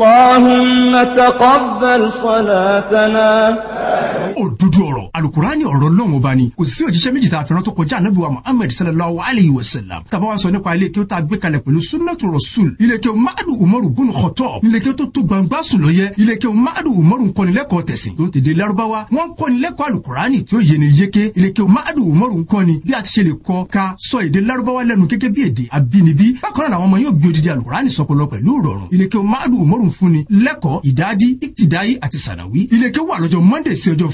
اللهم تقبل صلاتنا òdodo ọ̀rọ̀ alukurani ọ̀rọ̀ lọ́wọ́n ọba ni kò sí òjíṣẹ́ méjì tá a fẹ́ràn tó kọjá anabi wa muhammed sallallahu alayhi wa sallam tàbá wa sọ nípa ilé kí ó tá a gbé kalẹ̀ pẹ̀lú sunnatu rasul ilé kí o madu umaru bunu kọtọ ilé kí o tó tó gbangba sùn lọ yẹ ilé kí o madu umaru nkọnilẹ́kọ̀ọ́ tẹ̀sìn tó ń tẹ̀dé larubawa wọn nkọnilẹ́kọ̀ọ́ alukurani tí ó yẹ ni yeke ilé kí o madu umaru nkọni bí a ti ṣe lè kọ ka sọ èdè larubawa lẹnu gẹ́gẹ́ bí èdè abínibí bákan náà ọmọ yóò gbé odidi alukurani sọpọlọ pẹ̀lú ìrọ̀rùn ilé kí o madu umaru fúnni lẹ́kọ̀ọ́ ìdádi ìtìdáyé àti sànàwí ilé kí o wà lọ́jọ́ monday sí ọjọ́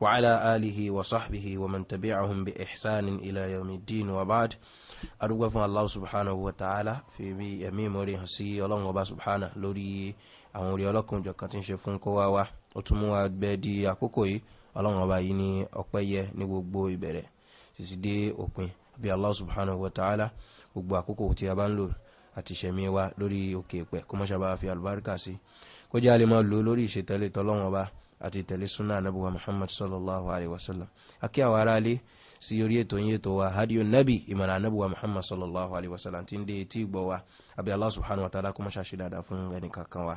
وعلى آله وصحبه ومن تبعهم بإحسان إلى يوم الدين وبعد أدوك فún الله سبحانه وتعالى في بي أمي موري حسي الله وبا سبحانه لوري àwọn orí ọlọ́kùn jọ̀kan tí ń ṣe fún kọ́wá wa ó tún mú wa gbẹ di àkókò yìí ọlọ́run ọba yìí ní ọpẹ́ yẹ ní gbogbo ìbẹ̀rẹ̀ títí dé òpin bí allah subhanahu wa ta'ala gbogbo àkókò tí a bá ń lò àti ìṣẹ̀mí wa lórí òkè ìpẹ́ kó mọ́ṣábà fi àlùbáríkà sí kó jẹ́ àlè máa lò lórí ìṣètẹ́lẹ̀ tọ́lọ́run ọba àti ìtẹ̀lé súnà anábì wa muhammad sallallahu alayhi wa sallam akí àwọn aráalé sí orí ètò yín ètò wa hadiyo nabi ìmọ̀nà anábì wa muhammad sallallahu alayhi wa sallam ti ń dé etí ìgbọ̀ wa àbí allah subhanahu kó má ṣàṣe dáadáa fún ẹnì kankan wa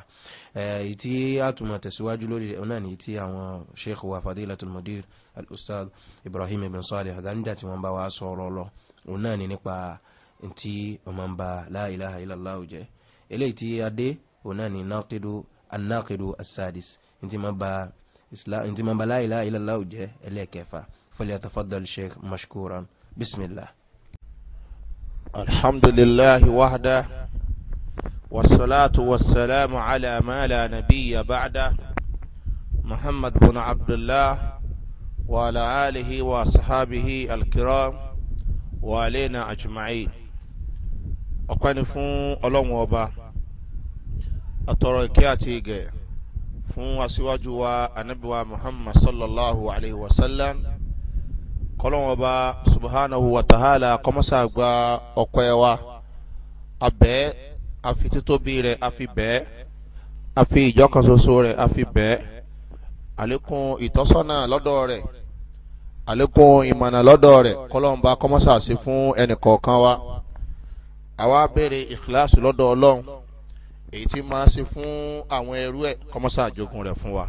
èyí tí tẹ̀síwájú lórí náà ní ti àwọn sheikh wa fadilatul mudir al-ustad ibrahim ibn salih aganida tí wọ́n bá wa sọ̀rọ̀ lọ òun náà ní nípa ntí ọmọ ba láìláha ilàláwù jẹ́ eléyìí tí adé òun náà ní náà kédo anákédo asadis ntí ma ba islam ntí ma ba la ilaha illallah jẹ́ ẹlẹ́ẹ̀kẹfà falyatafaddal sheikh mashkuran bismillah. alhamdulillahi wahda wasalaatu wasalaamu ala maala nabiya ba'da muhammad bin abdullah wa ala alihi wa sahabihi alkiram wa alena ajma'in ọ̀pẹ́ni fún ọlọ́run ọba àtọ̀rọ̀ ìkẹ́ àti ìgẹ̀ẹ́ fún aṣíwájú wa anabiwa muhammad sallallahu alayhi wa sallam kọlọ́wọ́n bá subhanahu wa ta'ala kọmọ́sá gba ọkọ̀ ẹ̀ wa abẹ́ àfi títóbi rẹ̀ àfi bẹ́ẹ̀ àfi ìjọkànṣoṣo rẹ̀ àfi bẹ́ẹ̀ àlékún ìtọ́sọ́nà lọ́dọ̀ rẹ̀ àlékún ìmọ̀nà lọ́dọ̀ rẹ̀ kọlọ́wọ́n bá kọmọ́sá sí fún ẹnìkọ̀ọ̀kan wa àwa béèrè ìkíláàsì lọ́dọ̀ ọlọ́run èyí tí máa ṣe fún àwọn ẹrú ẹ̀ kọ́mọ́sá àjogún rẹ̀ fún wa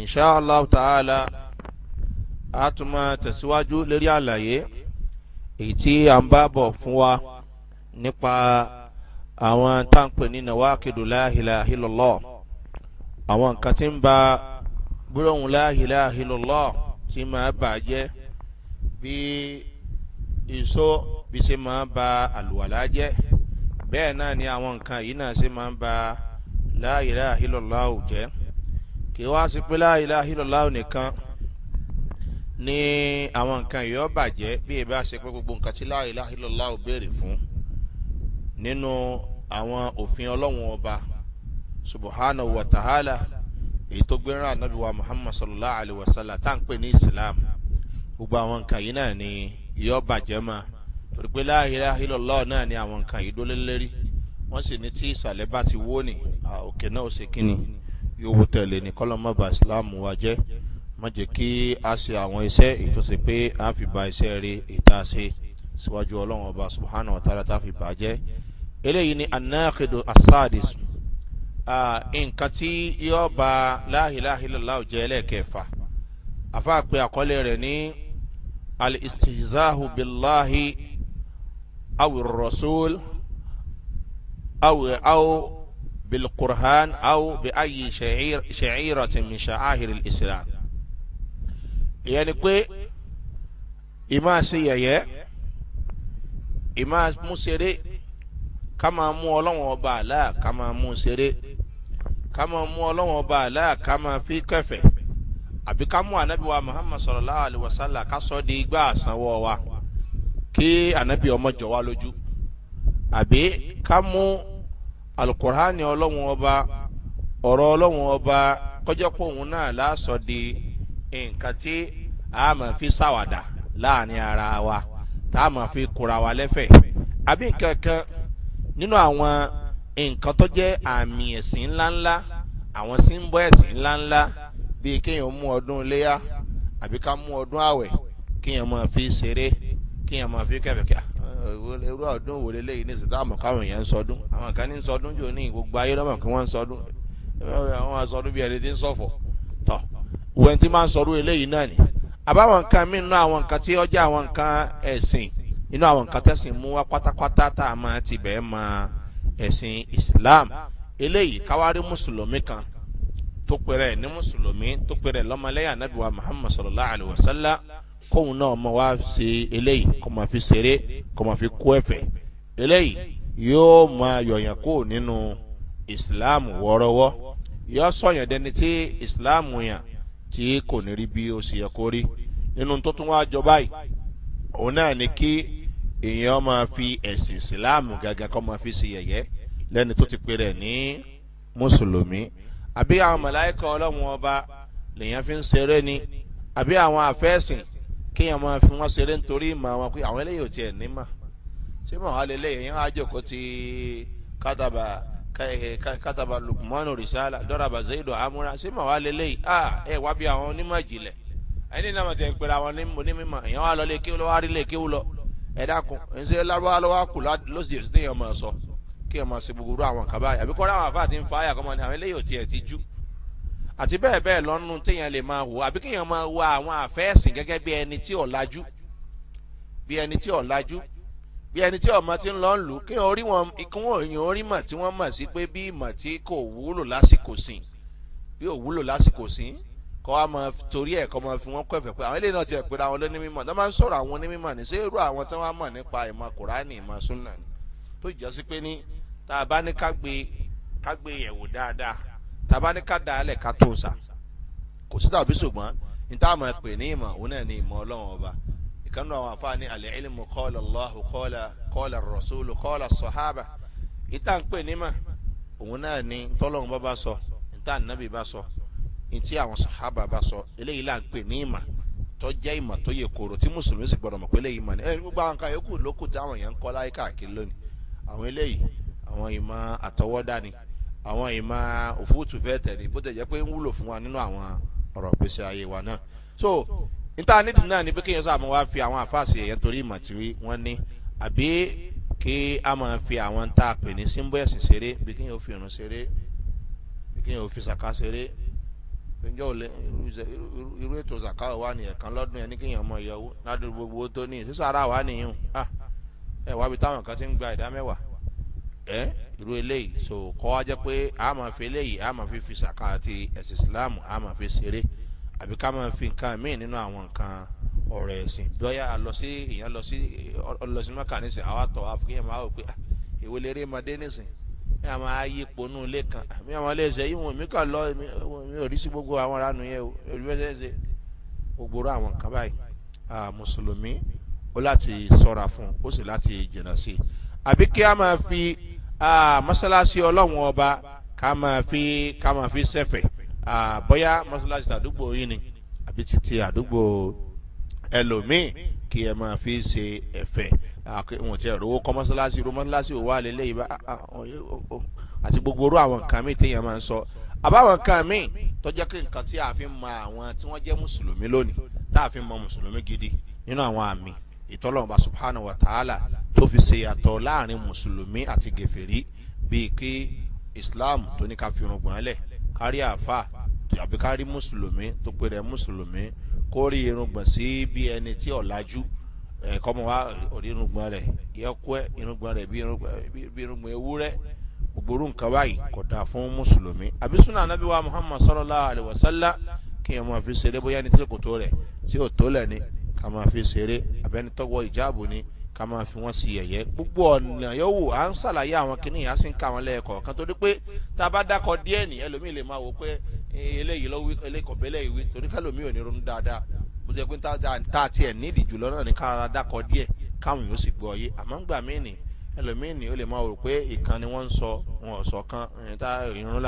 inshallah ta'ala a tún máa tẹ̀síwájú lórí àlàyé èyí tí a ń bá bọ̀ fún wa nípa àwọn táǹpẹ̀ ní nàwákìdù láhìláhìlọ́lọ́ àwọn nǹkan tí ń ba gbólóhùn láhìláhìlọ́lọ́ tí máa bàjẹ́ bí ìṣó bí ṣe máa ba àlùwàlá jẹ́ bẹ́ẹ̀ náà ni àwọn nǹkan yìí náà ṣe máa ń ba láìlá ìlọ́láwò jẹ́ kí wá sí pé láìlá ìlọ́láwò nìkan ní àwọn nǹkan yìí ó bàjẹ́ bí ìbá ṣe pé gbogbo nǹkan tí láìlá ìlọ́láwò béèrè fún nínú àwọn òfin ọlọ́run ọba subahana wa èyí tó gbéra anabi wa muhammad sallallahu alaihi wa sallam tá à ń pè ní islam gbogbo àwọn nǹkan yìí náà ni yóò bàjẹ́ máa torí pé láàhílá hílọ́lọ́ náà ni àwọn nǹkan ìdólélẹ́rí wọ́n sì ní tí ìsàlẹ̀ bá ti wó ní òkè náà ó ṣe kíni yóò wó tẹ̀lé ní kọ́lọ́mọ́bà ìsìláàmù wa jẹ́ má jẹ́ kí a ṣe àwọn iṣẹ́ ìtọ́sí pé a fi ba iṣẹ́ rí ìta ṣe síwájú ọlọ́run ọba subhana wa ta'ala ta fi bà jẹ́ eléyìí ni anáàkìdù asadis nǹkan tí yóò ba láàhílá jẹ́ ẹlẹ́ẹ̀kẹfà àfáà pé àkọlé rẹ̀ ní alistihzahu billahi أو الرسول أو أو بالقرآن أو بأي شعير شعيرة من شعائر الإسلام يعني كوي إما سيئة إما مسيري كما مو لون بالا كما مسيري كما مو لون بالا كما في كفه àbí ká mú ànábì wa muhammad sallallahu alaihi wasallam ká sọ di igbá àsanwó wa. kí ànábì ọmọ jọ wá lójú àbí ká mú alukur'ani ọlọ́wọ́n ọba ọ̀rọ̀ ọlọ́wọ́n ọba kọjá pé náà lásọ di nǹkan tí a máa fi sáwàdà láàrin ara wa tá a máa fi kura wa lẹ́fẹ̀ àbí nkankan nínú àwọn nǹkan tó jẹ́ àmì ẹ̀sìn ńláńlá àwọn símbọ́ ẹ̀sìn ńláńlá bíi kéèyàn mú ọdún iléyà àbí ká mú ọdún àwẹ̀ kéèyàn máa fi ṣeré. kí ẹ máa fi kẹfẹ kí irú ọdún wo lélẹyìí ní sèta àmọ káwọn èèyàn ń sọdún àwọn kan ní ń sọdún jò ní gbogbo ayé lọmọ kí wọn ń sọdún àwọn asọdún bíi ẹni tí ń sọfọ tọ wẹn tí máa ń sọdún eléyìí náà ni àbáwọn nǹkan mí nínú àwọn nǹkan tí ọjà àwọn nǹkan ẹsìn nínú àwọn nǹkan tẹsìn mú wá pátápátá tá a máa ti bẹ́ẹ̀ máa ẹ̀sìn islam eléyìí káwárí mùsùlùmí kan tó pẹ̀rẹ̀ ní mùsùlùmí tó pẹ̀rẹ̀ lọ́mọlẹ́yà nàbíwá muhammad sallallahu alayhi wa sallam kóun náà ma wá ṣe eléyìí kò máa fi ṣeré kò máa fi kó ẹ̀fẹ̀ eléyìí yóò máa yọ̀yàn kó nínú ìsìláàmù wọ́ọ́rọ́wọ́ yọ sọ̀yàn dẹni tí ìsìláàmù yàn tí kò ní rí bí ó ṣe yẹ kó rí nínú tó tún wá jọ báyìí òun náà ni kí èèyàn máa fi ẹ̀sìn ìsìláàmù gàgà kọ́ máa fi ṣe yẹ̀yẹ́ lẹ́ni tó ti pè rẹ̀ ní mùsùlùmí àbí àwọn mọ̀láìkà ọlọ́run ọba lèèyàn fi ń ṣeré ni àbí àwọn àfẹ́sìn kéèyàn máa fi wọ́n ṣeré nítorí ìmọ̀ àwọn pé àwọn eléyìí ò tiẹ̀ ní mà ṣé mọ̀ wálé lè yẹn á jòkó ti kátàbà eh, kátàbà lukumanu risala dọ́rọ̀bà zayidu amúra ṣé mọ̀ wálé lè yìí à ẹ wá bí àwọn onímọ̀ ìjìnlẹ̀ ẹni náà ti ń pèrè àwọn onímọ̀ èèyàn wà lọ lè kéwù lọ wá rí lè kéwù lọ ẹ dákun ẹnṣẹ lárúbáwá lọ wá kù lóṣìṣẹ́ tí èèyàn máa sọ àti bẹ́ẹ̀ bẹ́ẹ̀ lọ́nu téèyàn lè máa wò àbí kéèyàn máa wo àwọn àfẹ́ẹ̀sìn gẹ́gẹ́ bí ẹni tí ọ̀làjú bí ẹni tí ọ̀làjú bí ẹni tí ọmọ ti ń lọ ń lù kéèyàn orí wọn ikún òyìn orí mọ̀ tí wọ́n mọ̀ sí pé bí ìmọ̀ tí kò wúlò lásìkò sìn bí ò wúlò lásìkò sìn kọ́ wa máa torí ẹ̀ kọ́ máa fi wọ́n kọ́ ẹ̀fẹ̀ pé àwọn eléyìí náà ti ẹ̀ pé àwọn lóní mímọ̀ náà máa ń sọ̀rọ̀ àwọn onímọ̀ ní sí irú àwọn tí wọ́n mọ̀ nípa ìmọ̀ kùránì ìmọ̀ súnà tó jẹ́ sí pé ní tá a bá ní ká gbé ká gbé yẹ̀wò dáadáa tabani ká da alẹ̀ ká tó sa kò sí tàbí ṣùgbọ́n níta àmọ́ pè ní ìmọ̀ òun náà ní ìmọ̀ ọlọ́run ọba ìkànnì àwọn afáàní alẹ́ ilmu kọ́ọ̀lá allahu kọ́ọ̀lá kọ́ọ̀lá rasulu kọ́ọ̀lá sọ̀hábà níta ń pè ní mà òun náà ní tọ́lọ́run bá bá sọ níta ànábì bá sọ ntí àwọn sọ̀hábà bá sọ eléyìí là ń pè ní ìmọ̀ tó jẹ́ ìmọ̀ tó yẹ kóró tí mùsùlùmí sì gbọ́dọ̀ mọ̀ pé eléyìí mọ̀ ní ẹni gbogbo àwọn kan yòókù lókù táwọn èèyàn ń kọ́ láyé káàkiri lónìí àwọn eléyìí àwọn ìmọ̀ àtọwọ́dá ni àwọn ìmọ̀ òfúùtù fẹ́ tẹ̀lé bó tẹ̀ jẹ́ pé ń wúlò fún wa nínú àwọn ọ̀rọ̀ pèsè ayé wa náà so níta nídìí náà ni pé kéèyàn sábà wá fi àwọn àfáàsì ẹ̀yẹ torí ìmọ̀ tí wọ́n ní àbí kí a máa fi àwọn tá a pè ní símbó ẹ̀sìn ṣeré bí kéèyàn fi irun ṣeré bí kéèyàn fi sàká ṣeré ǹjọ́ irú ètò sàká wà ní ẹ̀kan lọ́dún ẹni kéèyàn mọ ìyẹ̀wò ládùúgbò gbogbo tó ní ìsísàrà wà nìyẹn ẹ̀ wábi ẹ irú eléyìí so kọ́ wa jẹ́ pé a máa fi eléyìí a máa fi fi sàkà àti ẹ̀sìn islam a máa fi ṣeré àbí ká máa fi nǹkan míì nínú àwọn nǹkan ọ̀rọ̀ ẹ̀sìn bóyá lọ sí ìyẹn lọ sí lọ sí mẹ́kà nísìn àwa tọ̀ wá fún yẹn máa wò pé ìwé ah, lè rí ọmọdé nísìn mi àmọ́ ayé ponú ilé kan ah, mi àmọ́ ilé ẹsẹ̀ yìí wọn mi kàn lọ mi ò rí sí gbogbo àwọn ará nu yẹn o èmi fẹsẹ̀ ṣe gbogbo àwọn nǹkan báyìí mùsùlùmí ó láti sọ́ra fún ó sì láti jìnnà sí i àbí kí a máa fi mọ́sálásí ọlọ́run ọba ká máa fi ká máa fi sẹ́fẹ̀ bóyá mọ́sálásí àdúgbò yìí ni àbí títí àdúgbò ẹlòmíì kí ẹ máa fi ṣe ẹ̀fẹ̀ wọn ti ẹ̀rọ owó kọ́ mọ́sálásí ro mọ́sálásí òwò àlélẹ́ yìí àti gbogbo orú àwọn nǹkan míì téèyàn máa ń sọ àbáwọn nǹkan míì tọ́jọ́ pé nǹkan tí a fi mọ àwọn tí wọ́n jẹ́ mùsùlùmí lónìí tá a fi mọ mùsùlùmí gidi nínú àwọn àmì ìtọ́lọ́mọba subhanahu wa ta'ala tó fi ṣe yàtọ̀ láàrin mùsùlùmí àti gèfèrí bíi kí islam tó ní ká fi irungbọ̀n lẹ̀ kárí àáfà àbí kárí mùsùlùmí tó pé rẹ̀ mùsùlùmí kó rí irungbọ̀n sí bí ẹni tí ọ̀làjú ẹ̀kọ́mọ wa orí irungbọ̀n rẹ̀ yẹ́kọ́ irungbọ̀n rẹ̀ bí irungbọ̀n ewúrẹ́ gbogbo nǹkan báyìí kò dáa fún mùsùlùmí àbí súnà anábì wa muhammad sallallahu alayhi wa sallam kí ẹ̀ mọ̀ fi ṣeré bóyá ní tí kò tó rẹ̀ tí ò tó lẹ̀ ni ká máa fi ṣeré àbẹ́ni tọ́wọ́ ìjáàbò ni ká máa fi wọ́n sí ẹ̀yẹ́ gbogbo ọ̀nà yòówù à ń ṣàlàyé àwọn kìnnì yìí á sì ń ká wọn lẹ́ẹ̀kọ̀ kan torí pé tá a bá dákọ̀ díẹ̀ ní ẹlòmíì lè máa wò pé eléyìí lọ́wọ́ eléyìí bẹ́lẹ̀ ìwé torí kálòmíì ò ní ronú dáadáa bó jẹ́ pé tá a tiẹ̀ nídìí jùlọ náà ní ká ara dákọ̀ káwọn yóò sì gbọ́ yé àmọ́ ńgbà míì nì ẹlòmíì ni ó lè máa rò pé ìkan ni wọ́n ń sọ wọn ò sọ kan ìrún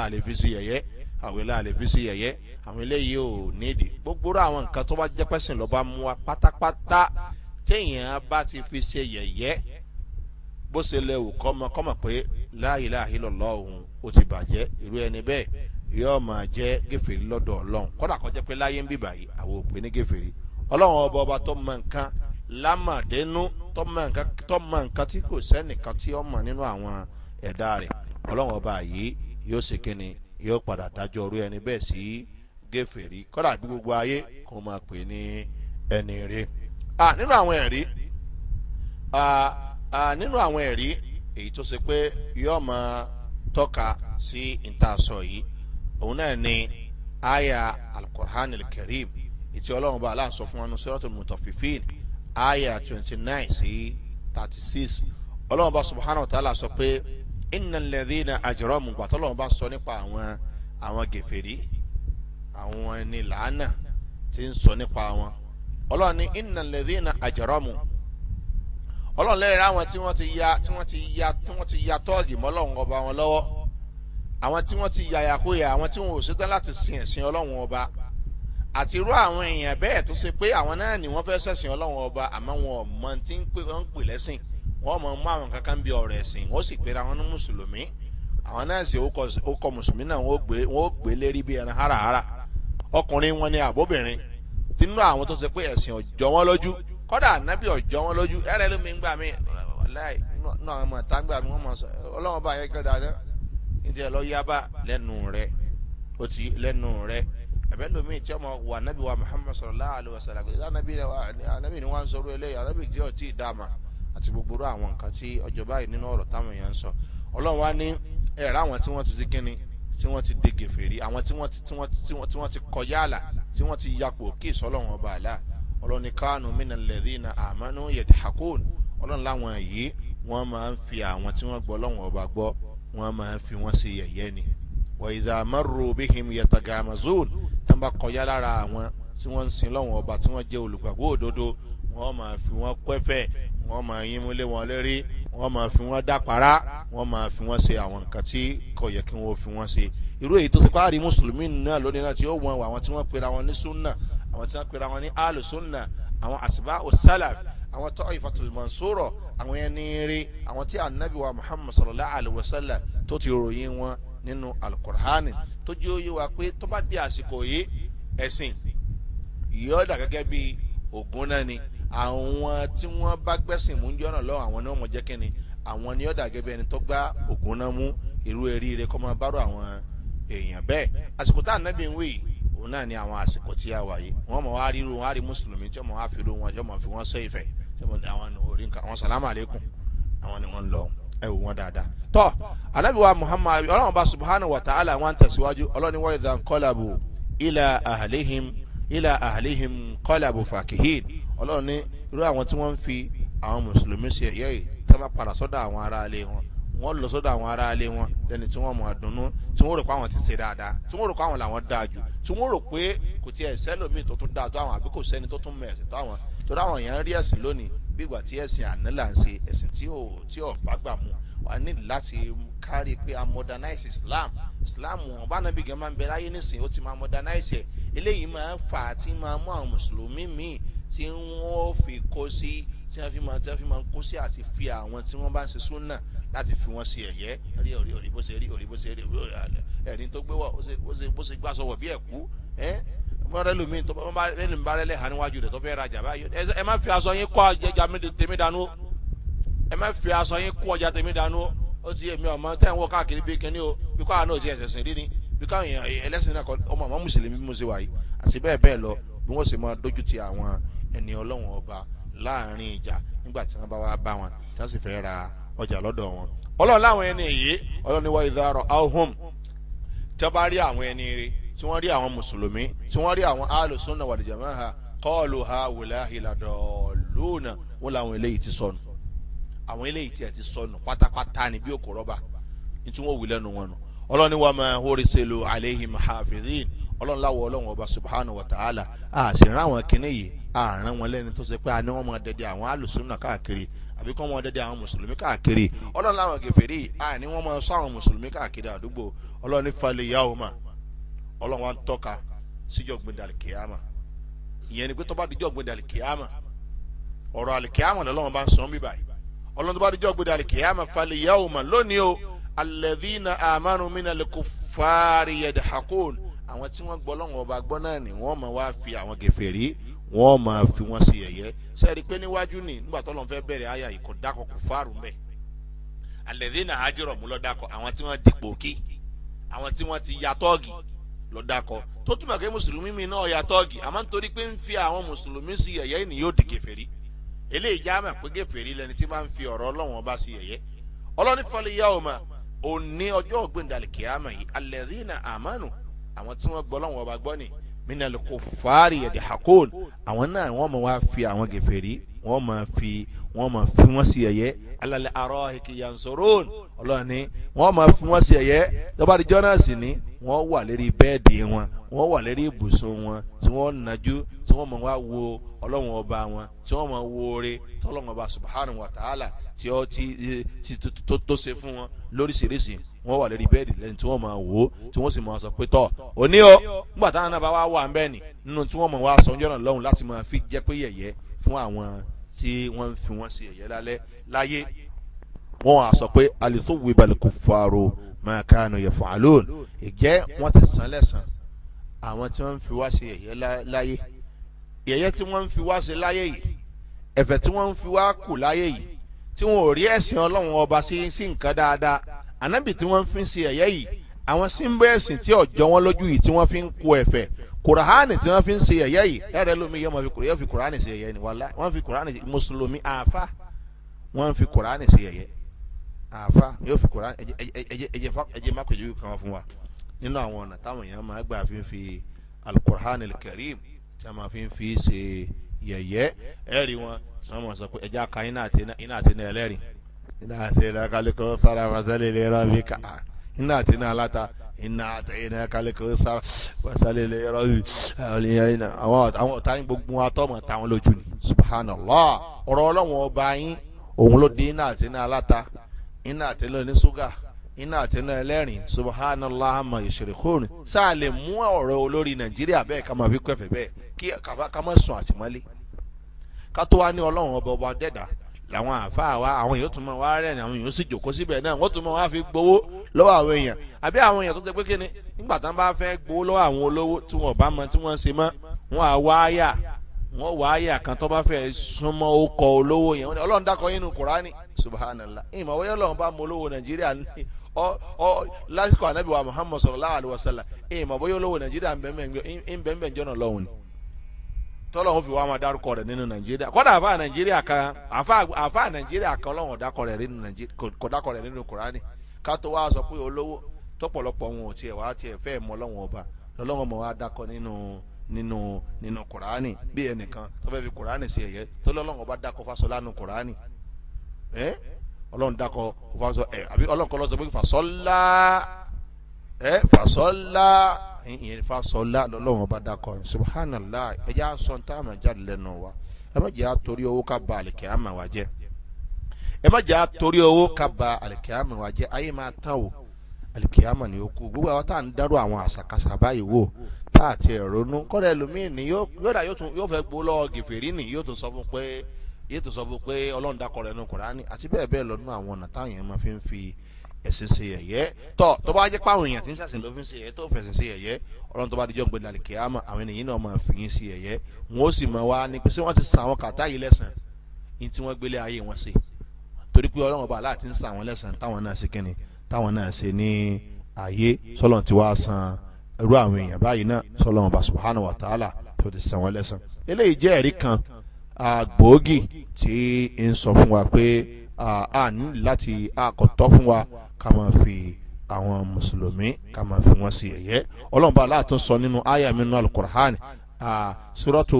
àwọn ilé àlè fi sí yẹ̀yẹ́ àwọn ilé yìí ò nídìí gbogbo àwọn nǹkan tó bá jẹ́ pẹ́sìn lọ́ba mú wa pátápátá téèyàn bá ti fi ṣe yẹ̀yẹ́ bó ṣe lè wò kọ́mọkọ́mọ pé láàyè láàyè lọ́lọ́ òun ó ti bàjẹ́ irú ẹni bẹ́ẹ̀ yóò máa jẹ́ gèfèrí lọ́dọ̀ ọlọ́run kọ́dà kọjá pé láyé ń bìbà yìí àwọn òpin ní gèfèrí ọlọ́run ọba ọba tó mọ nǹkan lámàdénú tó mọ nǹkan tí kò sẹ́nìkan tí ó mọ nínú àwọn ẹ̀dá rẹ̀ ọlọ́run ọba yìí yóò ṣe kíni yóò padà dájọ́ orí ẹni bẹ́ẹ̀ sí gẹ́fẹ̀rí kọ́dà bí gbogbo ayé kò máa pè ní ẹni rí. nínú àwọn ẹ̀rí nínú àwọn ẹ̀rí èyí tó ṣe pé yóò máa tọ́ka sí ìtàsọ yìí òun náà ni aya alukur'an alkarim ìtì ọlọ́run bá aláǹsọ fún wọn sọ́rọ́tò mutafifin aya twenty nine sí thirty six ọlọ́run bá subhanahu wa ta'ala sọ pé iná lẹ́dí na àjọrọ́mù gbàtọ́lọ́ bá sọ nípa àwọn àwọn gèfèrí àwọn ẹni làánà ti ń sọ nípa wọn ọlọ́run ní iná lẹ́dí na àjọrọ́mù ọlọ́run lẹ́rìí àwọn tí wọ́n ti ya tí wọ́n ti ya tí wọ́n ti ya tọ́ọ̀gì mọ́lọ́run ọba wọn lọ́wọ́ àwọn tí wọ́n ti ya àyàkóyà àwọn tí wọn ò ṣetán láti sin ẹ̀sìn ọlọ́run ọba àti irú àwọn èèyàn bẹ́ẹ̀ tó ṣe pé àwọn náà ni wọ́n fẹ́ sẹ̀sìn ọlọ́run ọba àmọ́ wọn ò mọ tí ń pè lẹ́sìn wọ́n mọ̀ mú àwọn kankan bí ọ̀rọ̀ ẹ̀sìn o sì pera wọn ní mùsùlùmí àwọn náà sì ó kọ mùsùlùmí náà wọ́n gbé lérí bí ẹran hárahára ọkùnrin wọn ni àbóbìnrin tínú àwọn tó ṣe pé ẹ̀sìn ọjọ wọn lójú kọdà nábì ọ̀jọ́ wọn lójú ló mi ń gbà mí àwọn ọmọ ìta gbà mí sọ ọlọ́wọ́n àti gbogbo àwọn nǹkan tí ọjọ́ báyìí nínú ọ̀rọ̀ táwọn èèyàn ń sọ ọlọ́run wá ní ẹ̀rọ àwọn tí wọ́n ti ti kíni tí wọ́n ti dege fèrè àwọn tí wọ́n ti tí wọ́n ti tí wọ́n ti wọ́n ti kọjá àlà tí wọ́n ti yapò kí ìsọlọ́run ọba àlà ọlọ́run ní kánú mínà lẹ́dínà àmánú yẹ̀dẹ̀hàkóòn ọlọ́run láwọn yìí wọ́n máa ń fi àwọn tí wọ́n gbọ́ ọlọ́run ọba gbọ́ wọ́n máa ń fi wọ́n sí yẹ̀yẹ́ ni wàyíza amárò bíhìm yẹtàgàmazón tó ń bá kọjá lára àwọn tí wọ́n ń sin lọ́wọ́n ọba tí wọ́n jẹ́ olùgbàgbọ́ òdodo wọ́n máa fi wọ́n pẹ́fẹ́ wọ́n máa yín múlé wọn lérí wọ́n máa fi wọ́n dápara wọ́n máa fi wọ́n ṣe àwọn nǹkan tí kò yẹ kí wọ́n fi wọ́n ṣe irú èyí tó ti parí mùsùlùmí náà lónìí náà tí ó wọn àwọn tí wọ́n pera wọn ní sunna àwọn tí wọ́n pera wọn ní alu sunna àwọn àsìbá òsálàf àwọn tó ìfàtòlù mọ̀nsóró àwọn yẹn ní rí àwọn tí anabi wa muhammad sallallahu alayhi wa sallam tó ti ròyìn wọn nínú alukur'ani tó jẹ́ òye wa pé tó bá di àsìkò yìí ẹ̀sìn yọ̀ọ́dà gẹ́gẹ́ bí ògùn náà ni àwọn tí wọ́n bá gbẹsìn mú ń jọ́nà lọ́wọ́ àwọn ni wọ́n mọ̀ àwọn ni ọ̀dà gẹ́gẹ́ ẹni tó gbá ògùn náà mú irú eré rẹ àwọn èèyàn bẹ́ẹ̀ àsìkò tá ànábì ń wí òun náà ni àwọn àsìkò tí a wáyé. wọn tí àwọn orí nǹkan àwọn sàlámà àwọn ni lọ ẹ wọ́n dáadáa. wa ilà àhàlìhìm kọ́lá bufakihin ọlọ́run ní irú àwọn tí wọ́n ń fi àwọn mùsùlùmí ṣe ẹ̀yẹ́ yìí tá bá padà sọ́dọ̀ àwọn ará ilé wọn wọ́n lọ sọ́dọ̀ àwọn ará ilé wọn lẹ́ni tí wọ́n mọ̀ àdùnnú tí wọ́n rò pé àwọn ti ṣe dáadáa tí wọ́n rò pé àwọn làwọn dáa jù tí wọ́n rò pé kò tiẹ̀ sẹ́lòmíì tó tún dáa tó àwọn àbí kò sẹ́ni tó tún mọ̀ ẹ̀sìn tó àwọn torí àwọn èèyàn rí ẹ̀sìn lónìí bí ìgbà tí ẹ̀sìn àná là ń ṣe ẹ̀sìn tí ò tí ò bá gbà mu wà ní láti kárí pé a modernize islam islam wọn bá nàbí gan máa ń bẹ láyé nísìnyí ó ti máa modernize ẹ eléyìí máa ń fà á tí máa mú àwọn mùsùlùmí míì tí wọ́n fi kó sí tí wọ́n fi máa tí wọ́n fi máa kó sí àti fi àwọn tí wọ́n bá ń ṣe súnà láti fi wọ́n sí ẹ̀yẹ́ rí orí orí bó ṣe rí orí bó ṣe rí orí ẹ̀rí tó gbé wọ̀ bó ṣe gbá sọ̀wọ̀ bí ẹ̀kú ẹ́ fọ́nrẹ́ lómi tó bá rẹ́lẹ̀ hàn níwájú rẹ̀ tó fẹ́ rajà báyọ̀ ẹ má fi aṣọ yín kọ́ àjẹjà mi ẹ má fi aṣọ yín kú ọjà tèmi dànù ó ti èmi ọmọ tẹ́ ń wọ káàkiri o bí káwọn náà ti ẹ̀sẹ̀ sìn rírí bí káwọn èèyàn ẹlẹ́sìn náà ọmọ àmọ́ mùsùlùmí bí mo ṣe yìí àti bẹ́ẹ̀ ti àwọn ẹni ọba láàrin ìjà nígbà tí wọ́n bá wá bá wọn tí wọ́n sì fẹ́ ra ọjà lọ́dọ̀ wọn. ọlọ́run láwọn ẹni ha àwọn eléyìí tí a ti sọnù pátápátá ni bí òkú ní tí wọn wí lẹ́nu wọn nù ọlọ́run ni wọ́n máa hóreselo aleihim láwọ ọba subhanahu wa ta'ala a sì rán àwọn a rán wọn lẹ́ni tó ṣe pé a ní wọn máa dẹdẹ àwọn alùsùnà káàkiri àbí wọn dẹdẹ àwọn a ní wọn máa sọ àwọn mùsùlùmí káàkiri àdúgbò ní ni ọlọ́run tó bá dijọ́ gbèdé alikiyama falẹ̀ ya ó ma lónìí o alẹ́dínà àmánu mi náà lè kó yẹ̀dẹ̀ hakol àwọn tí wọ́n gbọ́ lọ́wọ́ ọba gbọ́ náà ni wọ́n máa wá fi àwọn rí wọ́n máa fi wọ́n sí ẹ̀yẹ pé níwájú ni nígbà tó lọ́n fẹ́ bẹ̀rẹ̀ àyà kò fàárù mẹ́ alẹ́dínà mú àwọn tí wọ́n kí àwọn tí wọ́n ti eléyìí já mà pé gèfèrí lẹni tí máa ń fi ọ̀rọ̀ ọlọ́wọ́n bá sí ẹ̀yẹ ọlọ́ni fọlẹ̀ yá o mà òní ọjọ́ ògbéǹdàlẹ̀ kìámà yìí alẹ́rìnà àmánu àwọn tí wọ́n gbọ́ ọlọ́wọ́n ọba gbọ́ ni minali kò fàárì ẹ̀dẹ̀ hakol àwọn náà wọ́n mọ̀ wá fi àwọn gèfèrí wọ́n mọ̀ fi wọ́n mọ̀ fi wọ́n sí ẹ̀yẹ alálẹ̀ arọ́ ìkìyànsórón ọlọ́ni wọ́n mọ̀ fi wọ́n sí ẹ̀yẹ lọ́bàdí jọ́nà sì ni wọ́n wà lérí bẹ́ẹ̀dì wọn wọ́n wà lérí ibùsùn wọn tí wọ́n nàjú wọ́n mọ̀ wá wo ọlọ́run ọba wọn tí wọ́n mọ̀ wo oore tọ́lọ́run ọba subhanahu wa ta'ala tí ó ti ti tó ṣe fún wọn lóríṣiríṣi wọ́n wà lórí bẹ́ẹ̀dì lẹ́yìn tí wọ́n mọ̀ wò ó tí wọ́n sì mọ̀ sọ pé tọ́ òní o nígbà táwọn náà bá wá wà bẹ́ẹ̀ ni nínú tí wọ́n mọ̀ wá sọ ọjọ́ náà lọ́hùn láti máa fi jẹ́ pé yẹ̀yẹ́ fún àwọn tí wọ́n fi wọ́n ṣe yẹ̀yẹ́ lálẹ́ láyé wọ́n wà sọ pé alisuwi baliku faro máa kánu yẹ fún alóòn ìjẹ́ wọ́n ti sàn lẹ́sàn àwọn tí wọ́n fi wá ṣe yẹ̀yẹ́ láyé yẹ̀yẹ́ tí wọ́n ń fi wá ṣe láyé yìí ẹ̀fẹ̀ tí wọ́n ń fi wá kù láyé yìí tí wọn ò rí ẹ̀sìn ọlọ́run ọba sí sí nǹkan dáadáa ànábì tí wọ́n fi ń ṣe ẹ̀yẹ́ yìí àwọn símbó ẹ̀sìn tí ọ̀jọ́ wọn lójú yìí tí wọ́n fi ń kó ẹ̀fẹ̀ kùràhánì tí wọ́n fi ń ṣe ẹ̀yẹ́ yìí ẹ̀rẹ́ lómi yẹ́ wọ́n fi kùràhánì ṣe ẹ̀yẹ́ ni wọ́n fi kùràhánì mùsùlùmí àáfà wọ́n fi kùràhánì ṣe ẹ̀yẹ́ àáfà yóò fi kùràhánì ẹ̀jẹ̀ má pèjú kan fún wa nínú àwọn ọ̀nà táwọn èèyàn máa gbà fi ń fi alukùràhánì kẹrìmù tí a fi ń fi ṣe wọn tí sọ pé ka iná àti iná àti iná ẹlẹ́rìn àti iná kálíkọ́ sára masálẹ̀ lè rán mi iná àti iná aláta iná àti iná kálíkọ́ sára masálẹ̀ lè rán àwọn ọ̀tá yín gbogbo ọba yín òun ló di iná àti iná aláta iná àti iná iná àtẹnu ẹlẹ́rìn subhanallah ama ìṣèrékòrò sáà lè mú ọ̀rọ̀ olórí nàìjíríà bẹ́ẹ̀ ká máa fi kẹfẹ́ bẹ́ẹ̀ kí ká má sùn àtìmọ́lé ká tó wá ní ọlọ́run ọba ọba dẹ́dà làwọn àáfàá wa àwọn èèyàn tún máa wá rẹ̀ àwọn èèyàn sì jòkó síbẹ̀ náà wọ́n máa fi gbowó lọ́wọ́ àwọn èèyàn àbí àwọn èèyàn tó ṣe pé kí ni nígbà tán bá fẹ́ gbowó lọ́wọ́ àwọn olówó tí wọ́n bá mọ tí wọ́n ṣe mọ́ wọ́n kan tó bá fẹ́ súnmọ́ ọkọ̀ olówó yẹn ọlọ́run dákọ̀ yín nu kùránì subhanallah yọ lásìkò ànábì wa muhammad sallallahu alayhi wa sallam bóyá olówó nàìjíríà ń bẹ́ẹ̀ bẹ́ẹ̀ jọ́nà lọ́wọ́ ni tọ́lọ́hún fi wá máa dárúkọ rẹ̀ nínú nàìjíríà kọ́dà àfa nàìjíríà kan àfa nàìjíríà kan ọlọ́run kò dákọ̀ rẹ̀ nínú kùránì ká tó wá sọ pé olówó tọ́pọ̀lọpọ̀ wọn ò tiẹ̀ wá tiẹ̀ fẹ́ mọ ọba wá dákọ̀ nínú nínú nínú kùránì ẹnìkan fi ọlọ́run dákọ fàṣọ ẹ àbí ọlọ́run kọ́ lọ́sọ pé fàṣọ́lá ẹ fàṣọ́lá ìyẹn fàṣọ́lá lọ́lọ́run ọba dákọ subhanallah ẹ jẹ́ àṣọ tá a máa jáde lẹ́nu wa ẹ má jẹ́ àtòrí owó ká ba àlìkẹ́ àmà wa jẹ́ ẹ má jẹ́ àtòrí owó ká ba àlìkẹ́ àmà wa jẹ́ ayé máa tán o àlìkẹ́ àmà ni ó kú gbogbo àwọn tá à ń dárò àwọn àṣàkáṣà báyìí wò tá àti ẹ̀rọ nú kọ́ra ẹlòmíì ni yóò dà yóò fẹ́ gbó lọ́ọ́ gèfèrí nì yóò tún sọ fún pé yìí tó sọ bó pé ọlọ́run dákọ̀ rẹ̀ nù kùránì àti bẹ́ẹ̀ bẹ́ẹ̀ lọ́nà àwọn ọ̀nà táwọn èèyàn máa fi ń fi ẹ̀sìn ṣe ẹ̀yẹ́ tọ́ tó bá jẹ́ páwọn èèyàn tí ń ṣàṣìn ló fi ń ṣe ẹ̀yẹ́ tó fẹ̀sìn ṣe ẹ̀yẹ́ ọlọ́run tó bá dijọ́ gbé dàlẹ́ kíámà àwọn ènìyàn náà máa fi yín ṣe ẹ̀yẹ́ wọn ó sì máa wá ní pé ṣé wọ́n ti san àwọn kàtá yìí lẹ́sàn ní tí wọ́n gbélé ayé wọn ṣe torí pé ọlọ́run ọba aláàtí ń san àwọn lẹ́sàn táwọn náà ṣe kíni táwọn náà ṣe ní ayé sọlọ́n ti wá san irú àwọn èèyàn báyìí náà sọlọ́run ọba subhanahu wa ta'ala tó ti san wọn lẹ́sàn eléyìí jẹ́ ẹ̀rí kan gbòógì tí ń sọ fún wa pé a ní láti àkọ́tọ́ fún wa ká máa fi àwọn mùsùlùmí ká máa fi wọ́n sí ẹ̀yẹ́ ọlọ́mọba aláàtún sọ nínú àyà mi nínú alukur'an sọ́rọ́tò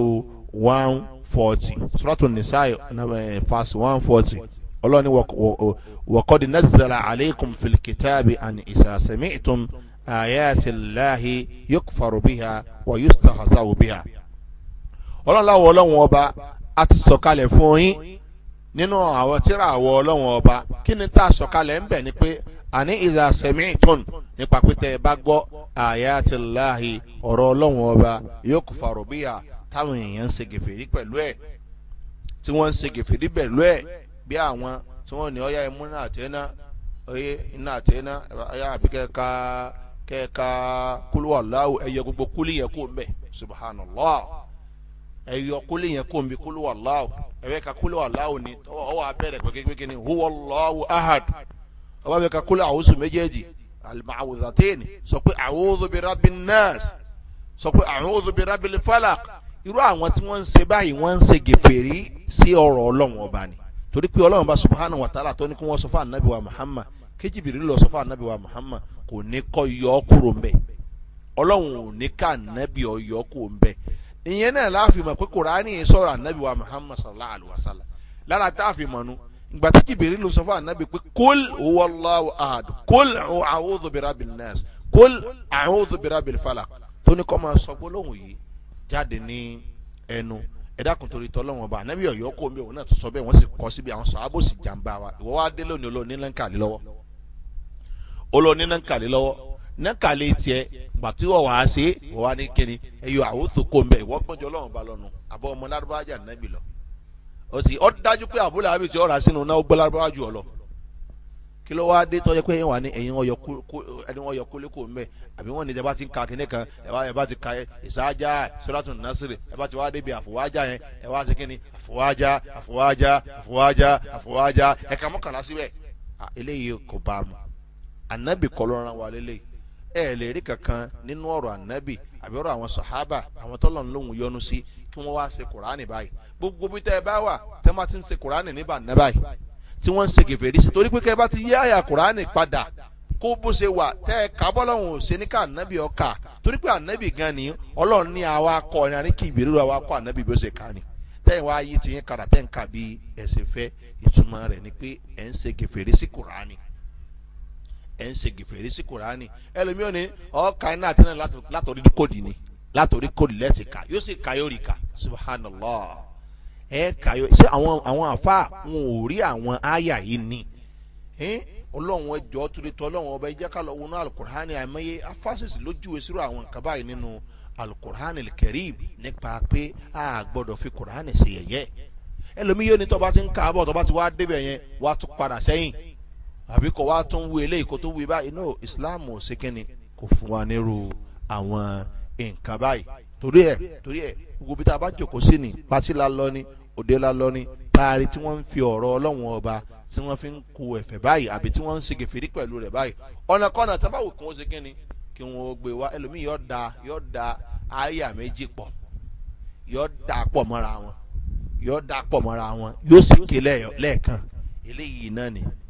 one forty sọ́rọ́tò nisaayi fas eh, one forty ọlọ́ni wọ́kọ́dì nazara aleikum filikitaabi and isaasemi ayati lahi yóò wa yóò stahazawu biha ọba a ti sọ̀kalẹ̀ fún yín nínú àwọn tíra àwọ̀ ọlọ́wọ̀n ọba kí ni tá a sọ̀kalẹ̀ ń bẹ̀ ni pé àní ìlà sẹ̀mìtún nípa pété ẹ bá ti láàyè ọ̀rọ̀ ọlọ́wọ̀n ọba yóò kò fàrọ̀ bíyà táwọn èèyàn ń se gèfèrí pẹ̀lú ẹ̀ tí wọ́n ń se gèfèrí pẹ̀lú ẹ̀ bí àwọn tí wọ́n ní ọ̀yá imú náà tẹ́ ná iná tẹ́ ná ẹyọ kólé yẹn kó n bí kólé wà láwù ẹbẹ ka kólé wà láwù ni ọwọ abẹrẹ gbẹgbẹgbẹ ni huwa lọwọ ahad ọba bẹ ka kólé àwòsù méjèèjì alimawuzateeni sọ pé àwòsù bi rabi nurse sọ pé àwòsù bi rabi falak irú àwọn tí wọn ń se báyìí wọn ń se gèfèrí sí ọrọ ọlọrun ọba ni torí pé ọlọrun bá subahana wa taala tó ní kí wọn sọ fún anabi wa muhammad kéjìbìrì lọ sọ fún anabi wa muhammad kò ní kọ yọ ọ bẹ ọlọrun ò ní ká anabi ọ yọ bẹ ìyẹn náà láàfin mọ̀ pé kòránì sọ̀rọ̀ ànábì wa muhammad sallallahu alayhi wa sallam lára tá a fi mọ̀ nu ìgbà tí jìbìrì ló sọ fún ànábì pé kól wàlláhu ahad kól àwòdù birabil nas kól àwòdù birabil falak tó ní kọ́ máa sọ gbólóhùn yìí jáde ní ẹnu ẹ̀dá kan torí tọ́ lọ́wọ́n ọba ànábì ọ̀yọ́ kó mi òun náà tó sọ bẹ́ẹ̀ wọ́n sì kọ́ síbi àwọn sọ abó jàǹbá wa ìwọ́ wa dé lónìí olóòní náka lè tiẹ̀ pàtí wọ́n wàá ṣe wọ́n wá ní kíni àwòsàn kò lọ́nu àbọ̀ ọmọ lọ. ó ọ́ dájú pé àbí ti ọ̀rà sínú náà ó gbọ́ lọ. kí ló wáá dé tọ́jú pé ẹ̀yin ní ẹ̀yin ọyọ kólé kò àbí wọ́n ní ti ka kíní kan ẹ bá ti ka sọ́dọ̀tún bá ti wá ẹ lè rí kankan nínú ọ̀rọ̀ ànábì àbí ọ̀rọ̀ àwọn sàhábà àwọn tọ́lọ̀ ń lóhùn yọnu sí kí wọ́n wá ṣe kùránì báyìí gbogbo bí tẹ́ ẹ bá wà tẹ́ máa ti ń ṣe kùránì níbà ná báyìí tí wọ́n ń ṣe gèfèrí sí torí pé kẹ́ ẹ bá ti yí àyà kùránì padà kó bó ṣe wà tẹ́ ẹ ká bọ́lọ́hùn ò ṣe ní ká ànábì ọkà torí pé ànábì gan ni ọlọ́run ní àwa kọ ní àní kí ìbéèrè wa kọ ànábì bí ó ṣe ká ni tẹ́ ẹ wá yí ti yín kàrà tẹ́ ń kà bí ẹ̀sìn fẹ́ ìtumọ̀ rẹ̀ ni pé ẹ̀ ń ṣe gèfèrí sí kùránì ẹ̀ ń ṣe gèfèrè sí kùránì ẹlòmíràn ni ọ̀ọ́ka iná àti náà látòrí kòdì ni látòrí kòdì lẹ́sì ká yóò sì ká yóò rí ká subhanallah ẹ̀ ká yóò ṣe àwọn àwọn àfa wọn ò rí àwọn àyà yìí ni ọlọ́run ẹjọ́ turítọ́ ọlọ́run ọba ẹjẹ́ ká lọ wọnú alukur'ani àìmọye afásísì lójú ìṣirò àwọn nǹkan báyìí nínú alukur'ani kẹrìm nípa pé a gbọ́dọ̀ fi kur'ani ṣe yẹ̀yẹ́ ẹlòmíyẹ́ ni tọ́ba ti ń kà á bọ̀ ti wá débẹ̀ yẹn wá tún padà sẹ́yìn àbí kò wá tún wú eléyìí kò tó wú báyìí no islam ò sí kínni kò fún wa nírú àwọn nǹkan báyìí torí ẹ torí ẹ gbogbo bí tá a bá jòkó sí ni pátí la lọ ni òde la lọ ni taari tí wọ́n ń fi ọ̀rọ̀ ọlọ́run ọba tí wọ́n fi ń ku ẹ̀fẹ̀ báyìí àbí tí wọ́n ń sege fèrè pẹ̀lú rẹ̀ báyìí ọ̀nà kọ́nà tábàwò kí wọ́n ṣe kínni kí wọ́n gbé wa ẹlòmíì yọ da yọ da àyà méjì pọ̀ yọ da pọ̀ mọ́ra wọn yọ da pọ̀ mọ́ra wọn yóò sì ké lẹ́ẹ̀kan eléyìí náà ni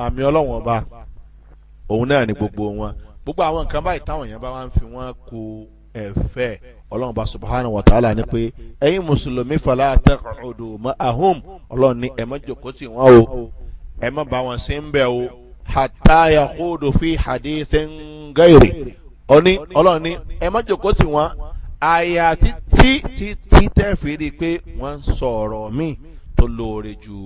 àmì ọlọ́wọ́n ọba òun náà ni gbogbo wọn gbogbo àwọn nǹkan báyìí táwọn èèyàn bá wá ń fi wọn kó ẹ̀fẹ́ ọlọ́run bá subahana wa ta'ala ni pé ẹ̀yin mùsùlùmí fàlà àtẹ̀kọ̀ọ́dọ̀ mọ́ àhóm ọlọ́run ní ẹ̀mọ́ jòkó sí wọn o ẹ̀mọ́ bá wọn sí ń bẹ̀ o hàtáyà kóòdù fi hadithi ngayiri ọní ọlọ́run ní ẹ̀mọ́ jòkó sí wọn àyà títí títí tẹ́ fi rí i pé wọ́n sọ̀rọ̀ míì tó lóore ju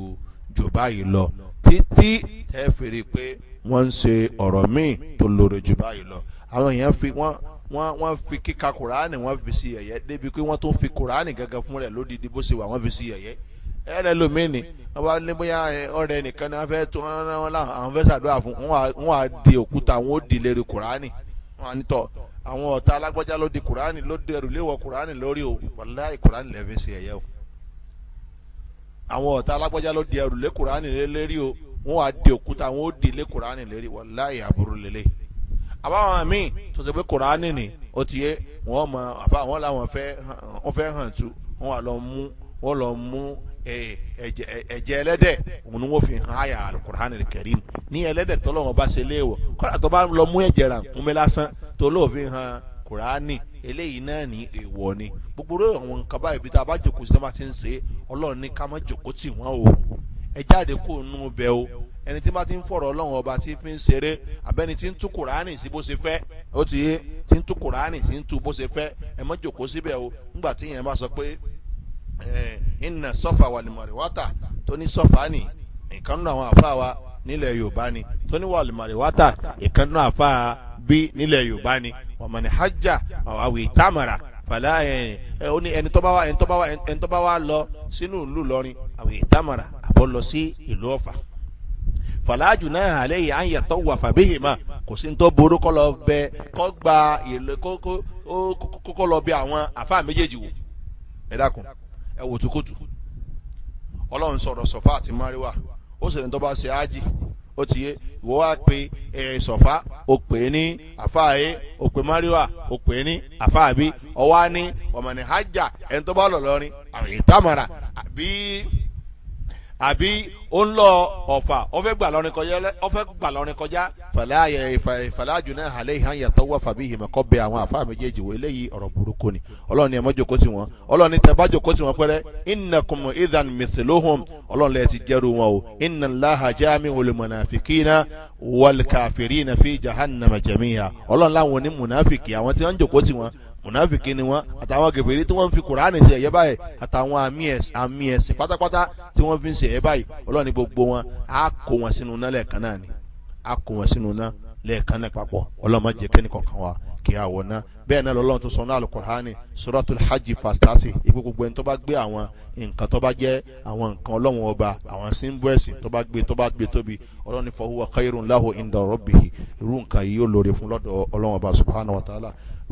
jù báyìí lọ títí ẹ fèrè pé wọ́n ń ṣe ọ̀rọ̀ míì tó lóore jù báyìí lọ àwọn èèyàn fi wọ́n wọ́n wọ́n fi kíka kuraani wọ́n fi si yẹ̀yẹ́ débi pé wọ́n tún fi kuraani gangan fún rẹ̀ lódìdí bó ṣe wà wọ́n fi si yẹ̀yẹ́ ẹ lẹ lómìn ni wọ́n bá ní bóyá ọ̀rẹ́ nìkan ni wọ́n fẹ́ tó wọ́n láwọn àwọn fẹ́ sàdúrà fún wọ́n á di òkúta wọ́n ó di lérí kuraani wọ́n ní tọ́ àwọn ọ̀tá alágbájá ló di kuraani ló dẹrù léwọ̀ kuraani lórí o wàláì kuraani lẹ́ẹ̀fẹ́ si yẹ̀yẹ́ o àwọn ọ̀tá alágbájá ló di ẹrù lé kùránì lérí o wọn wá di òkúta wọn ó di lé kùránì lérí wọn láì lélẹ̀ àbáwọn míì tó ṣe pé kùránì ni ó ti yé wọn mọ àbá wọn làwọn fẹ́ hàn tu wọn wà lọ mú wọn lọ mú ẹ̀jẹ̀ ẹlẹ́dẹ̀ òun ni wọ́n fi hàn áyà alukur'an kẹrin ní ẹlẹ́dẹ̀ tọ́lọ́wọ́n bá ṣe léèwọ̀ kọ́lá eléyìí náà ní èèwọ̀ ni gbogbo rẹ̀ àwọn nǹkan báyìí tá a bá ti ń ṣe ọlọ́run ní ká má jòkó tì wọ́n o ẹ jáde kó nú bẹ o ẹni tí bá ti ń fọ̀rọ̀ ọlọ́run ọba tí fi ń ṣeré abẹ́ni ti yé tí ń tú kùránì sí ẹ má síbẹ̀ o nígbà sọ pé ẹ ẹ ń nà sọ́fà wà ní mọ̀rẹ̀wátà tó nílẹ̀ yorùbá ni tó ní wàlú màrìwátà ìkànnú àfa bí nílẹ̀ yorùbá ni wàmọ̀nì hajj àwàwì tamara fàlà ó ní ẹni tó bá wá ẹni tó bá wá lọ sínú ìlú lọrin àwì tamara àbọ̀ lọ sí ìlú ọ̀fà fàlájù náà àlẹ́ yìí à ń yàtọ̀ wà fàbíyì mà kò sí ní tó burú kọ́ lọ bẹ kọ́ gba ìlú kókó lọ bẹ àwọn àfa méjèèjì wò ẹ dákun ẹ wò tukutu ọlọ́run sọ̀rọ̀ sọ̀fà àti máríwá ó sì ní tó bá ṣe ájì ó ti yé ìwọ wá pe ẹ̀rẹ̀ ìsọ̀fá ó pè é ní àfáàyè ó pè máríwá ó pè é ní àfáàbí ọwá ní ọmọ ní hajj ẹni tó bá lọ lọrin àrùn àbí àbí ó ń lọ ọ̀fà ọ̀fẹ́ gbà lọ́rin kọjá ọ̀fẹ́ gbà lọ́rin kọjá fàlẹ́ àyè ìfàlẹ́ àjùnà àlẹ́ ìhàn yàtọ̀ wà fàbí ìhìmọ̀kọ́ bẹ àwọn àfa méjèèjì wò eléyìí ọ̀rọ̀ burúkú ni ọlọ́run ni ẹ mọ́jòkó sí wọn ọlọ́run ni tẹ́bá jòkó sí wọn pẹ́rẹ́ ìnàkùn ìdàn mẹsìlóhùn ọlọ́run lẹ́ẹ̀ ti jẹ́rù wọn o ìnà láha jáàmì olùmọ̀nàfikínà wàlkàfìrínà fi jahannama jẹ̀míyà ọlọ́run láwọn onímọ̀nàfikì àwọn tí wọ́n ń jòkó wọn mùnàfíkì ni wọn àtàwọn gèbèrè tí wọn fi kùránì ṣe ẹyẹ báyìí àtàwọn àmì ẹsìn pátápátá tí wọn fi ń ṣe ẹyẹ báyìí ọlọ́ọ̀ni gbogbo wọn á kó wọn sínú iná lẹ́ẹ̀kan náà ni á kó wọn sínú iná lẹ́ẹ̀kan náà papọ̀ ọlọ́mọ jẹ kẹ́ni kọ̀ọ̀kan wa kí á wọ̀ ná bẹ́ẹ̀ náà lọ́lọ́run tó sọ náà alukọ̀hánì sọ́dọ̀tò hajj fastasi ibi gbogbo ẹni tó bá gbé àwọn nǹkan tó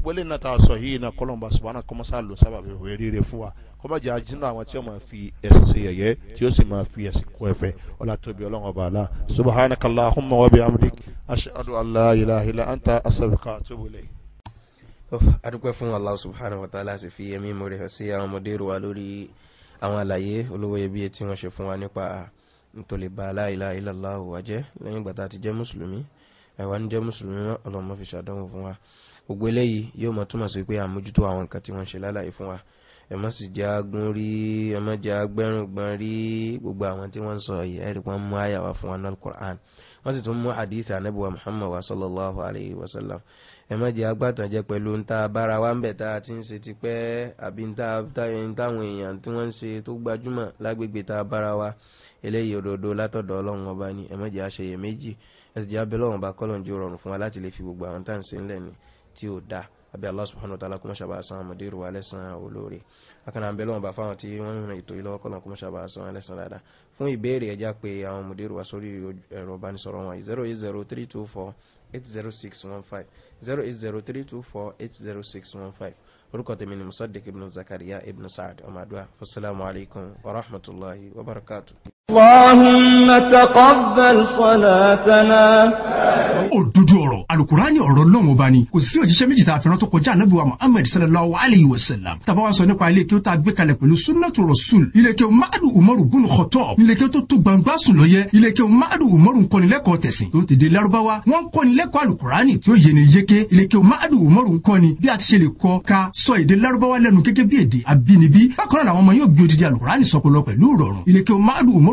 wọlé náà tá a sọ yìí náà kọ́lọ́n bá subahana kọ́mọ́sá lò sábàbí òwe rere fún wa kọ́mọ́jà jìnnà àwọn tí ó máa fi ẹ̀sìn ṣe yẹ̀yẹ́ tí ó sì máa fi ẹ̀sìn kọ́ ẹ̀fẹ́ ọlá tóbi ọlọ́run ọba àlá subahana kàlá ahumma wa bi amdik ashadu allah ilaha illa anta asabika atubule. adúpẹ́ fún allah subhanahu wa ta'ala sì fi ẹ̀mí mọ̀rẹ́ sí àwọn ọmọdé rò wá lórí àwọn àlàyé olówó iyebíye tí wọ́n ṣe fún wa nípa ntòlè bá aláìláìláìláwò wájẹ́ lẹ́yìn ìgbà tá a ti jẹ́ mùsùlùmí àwa ń jẹ́ mùsùlùmí ọlọ́mọ fi ṣàdánwò fún wa gbogbo eléyìí yóò mọ túmọ̀ sí pé àmójútó àwọn nǹkan tí wọ́n ṣe lálàyé fún wa ẹ má sì já gún rí ẹ má já gbẹ́rùn gbọ́n rí gbogbo àwọn tí wọ́n ń sọ yìí ẹ̀rí wọn mú àyà fún wa náà quran wọ́n sì tún mú àdìsí anábìwá muhammad wa sallallahu alayhi wa sallam ẹ má jẹ́ agbátàn jẹ́ pẹ̀lú ńta bára wa ń bẹ̀ tá a ti ń ṣe ti pẹ́ àbí ńta táwọn èèyàn tí wọ́n ń ṣe tó gbajúmọ̀ lágbègbè tá a bára wa eléyìí òdodo látọ̀dọ̀ ọlọ́run ọba ni ẹ má jẹ́ àṣeyẹ méjì ẹsìdì abẹ́lọ́run bá kọ́lọ̀ jẹ́ rọrùn fún wa láti lè fi gbogbo àwọn tàn sí ńlẹ̀ ni tí ó dá abẹ́ Allah subhanahu wa ta'ala kó mọ́ṣàbà san ọmọdé ìrùwà lẹ́sàn olóore akànnà abẹ́lọ́run bá fáwọn tí wọ́n rìn ètò ìlọ́wọ́ kọ́lọ̀ kó mọ́ṣàbà san lẹ́sàn dáadáa fún ìbéèrè ẹja pé àwọn ọmọdé ìrùwà zero zero three two four eight zero six one five zero zero three two four eight zero six one five orúkọ tèmi ni musaddiq ibn zakariya ibn saad ọmọ adua fasalaamu alaykum wa rahmatulahi wa barakatu. اللهم تقبل صلاتنا òdodo ọ̀rọ̀ alukurani ọ̀rọ̀ lọ́wọ́n ọba ni kò sí òjíṣẹ́ méjì tá a fẹ́ràn tó kọjá anabi wa muhammed sallallahu alayhi wa sallam tàbá wa sọ nípa ilé kí ó tá gbé kalẹ̀ pẹ̀lú sunnatu rasul ilé kí o madu umaru bunu kọtọ ilé kí o tó tó gbangba sùn lọ yẹ ilé kí o madu umaru nkọ́nilẹ́kọ̀ọ́ tẹ̀sìn tó ń tẹ̀dé larubawa wọn nkọ́nilẹ́kọ̀ọ́ alukurani tí ó yẹ ni yeke ilé kí o madu umaru nkọ́ni bí a ti ṣe lè kọ ka sọ èdè larubawa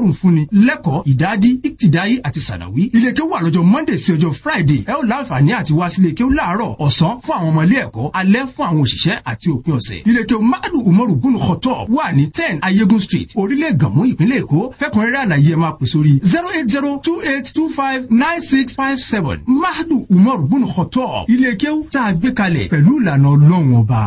ìtẹ́wọ́rùn fúnni lẹ́kọ̀ọ́ ìdádí ìtìdáyé àti sànàwí. ilé kéwú wà lọ́jọ́ monday sí ọjọ́ friday ẹ ó láǹfààní àti wá sílé kéwú láàárọ̀ ọ̀sán fún àwọn ọmọ ilé ẹ̀kọ́ alẹ́ fún àwọn òṣìṣẹ́ àti òpin ọ̀sẹ̀. ilé kéwú madu umaru bunu kọtọ wà ní ten ayégun street orílẹ̀ gànmú ìpínlẹ̀ èkó fẹ́kùnrẹ́rẹ́ àlàyé ẹ máa pè sórí zero eight zero two eight two five nine six five seven madu umaru bunu kọtọ ilé kéwú tá a gbé kalẹ̀ pẹ̀lú ìlànà ọlọ́run ọba.